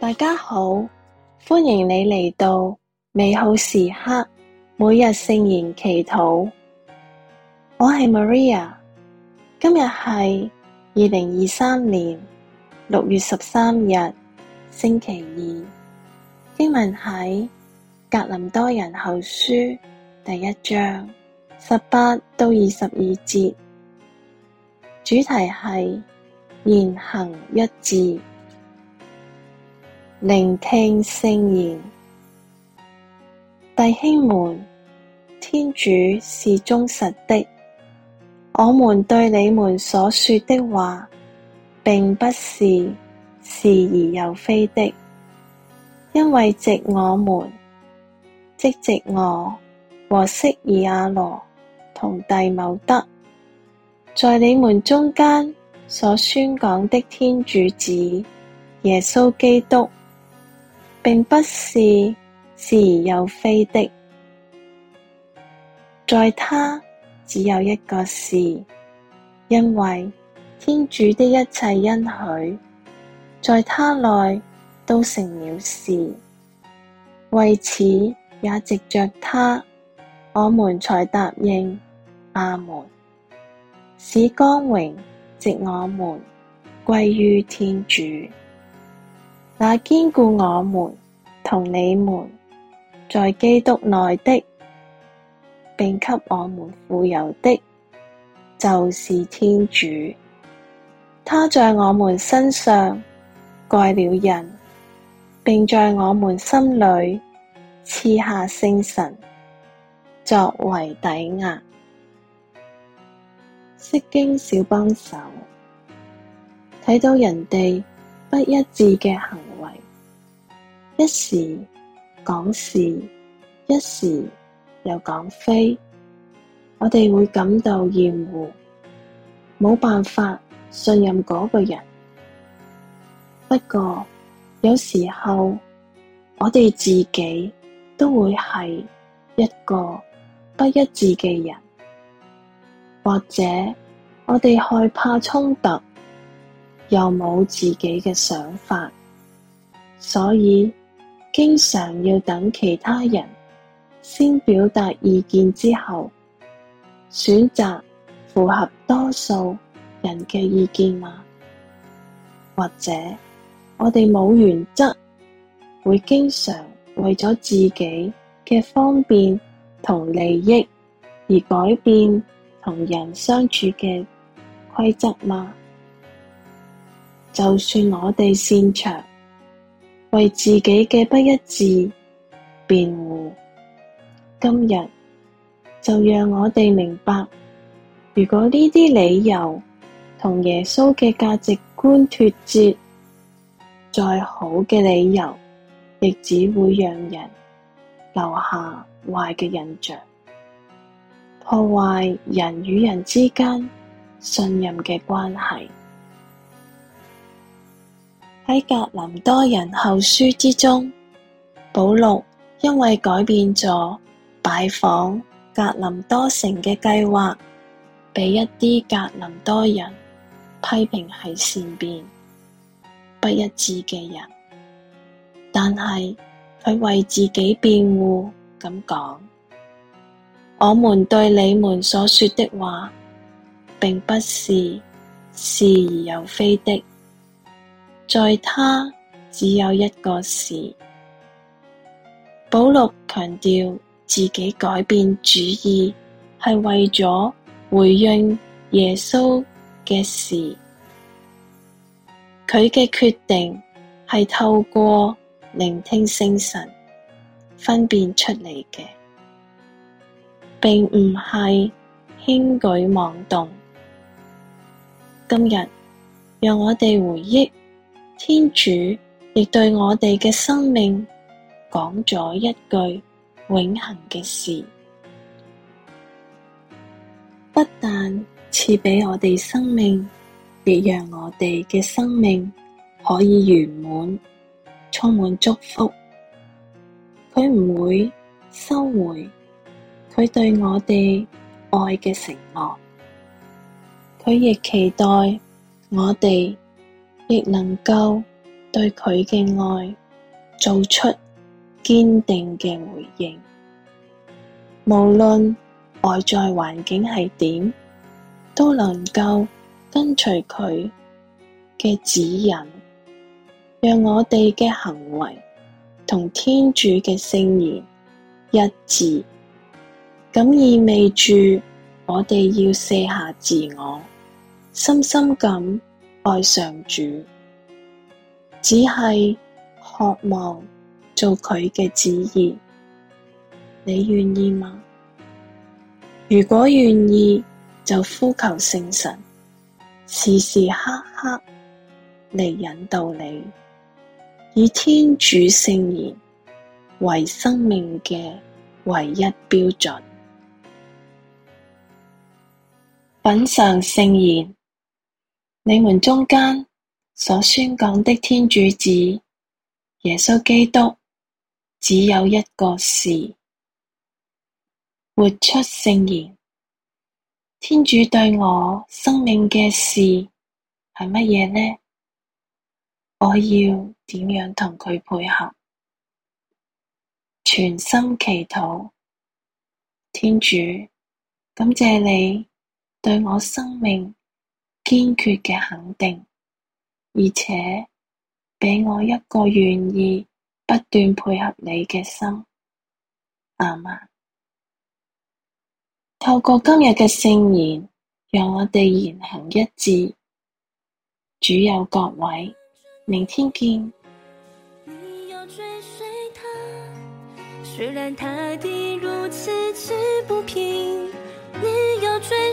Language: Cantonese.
大家好，歡迎你嚟到美好時刻每日聖言祈禱。我係 Maria，今日係二零二三年六月十三日星期二。經文喺《格林多人後書》第一章十八到二十二節，主題係言行一致。聆聽聖言，弟兄們，天主是忠實的。我們對你們所說的話，並不是是而又非的，因為藉我們，即藉我和息耳瓦諾同弟茂德，在你們中間所宣講的天主子耶穌基督。並不是是而又非的，在他只有一個是，因為天主的一切恩許，在他內都成了是。為此也藉着他，我們才答應阿門，使光榮藉我們歸於天主。那堅固我們同你們在基督內的，並給我們傅油的，就是天主。他在我們身上蓋了印，並在我們心裡賜下聖神作為抵押。釋經小幫手，睇到人哋不一致嘅行為。一時講是，一時又講非，我哋會感到厭惡，冇辦法信任嗰個人。不過有時候我哋自己都會係一個不一致嘅人，或者我哋害怕衝突，又冇自己嘅想法，所以。經常要等其他人先表達意見之後，選擇符合多數人嘅意見嗎？或者我哋冇原則，會經常為咗自己嘅方便同利益而改變同人相處嘅規則嗎？就算我哋擅長。為自己嘅不一致辯護，今日就讓我哋明白，如果呢啲理由同耶穌嘅價值觀脫節，再好嘅理由，亦只會讓人留下壞嘅印象，破壞人與人之間信任嘅關係。喺格林多人後書之中，保祿因為改變咗拜訪格林多城嘅計劃，畀一啲格林多人批評係善變、不一致嘅人。但係佢為自己辯護咁講：我們對你們所說的話，並不是是而又非的。在他只有一個是。保祿強調自己改變主意係為咗回應耶穌嘅事。佢嘅決定係透過聆聽聖神分辨出嚟嘅，並唔係輕舉妄動。今日讓我哋回憶。天主亦對我哋嘅生命講咗一句永恒嘅是，不但賜畀我哋生命，亦讓我哋嘅生命可以圓滿、充滿祝福。佢唔會收回佢對我哋愛嘅承諾，佢亦期待我哋。亦能夠對佢嘅愛做出堅定嘅回應，無論外在環境係點，都能夠跟隨佢嘅指引，讓我哋嘅行為同天主嘅聖言一致。咁意味住我哋要卸下自我，深深咁。愛上主，只係渴望做佢嘅旨意。你願意嗎？如果願意，就呼求聖神，時時刻刻嚟引導你，以天主聖言為生命嘅唯一標準。品嚐聖言。你們中間所宣講的天主子耶穌基督，只有一個是」。活出聖言。天主對我生命嘅「言」係乜嘢呢？我要點樣同佢配合？全心祈禱，天主，感謝你對我生命。堅決嘅肯定，而且俾我一個願意不斷配合你嘅心，阿們。透過今日嘅聖言，讓我哋言行一致。主有各位，明天見。你要追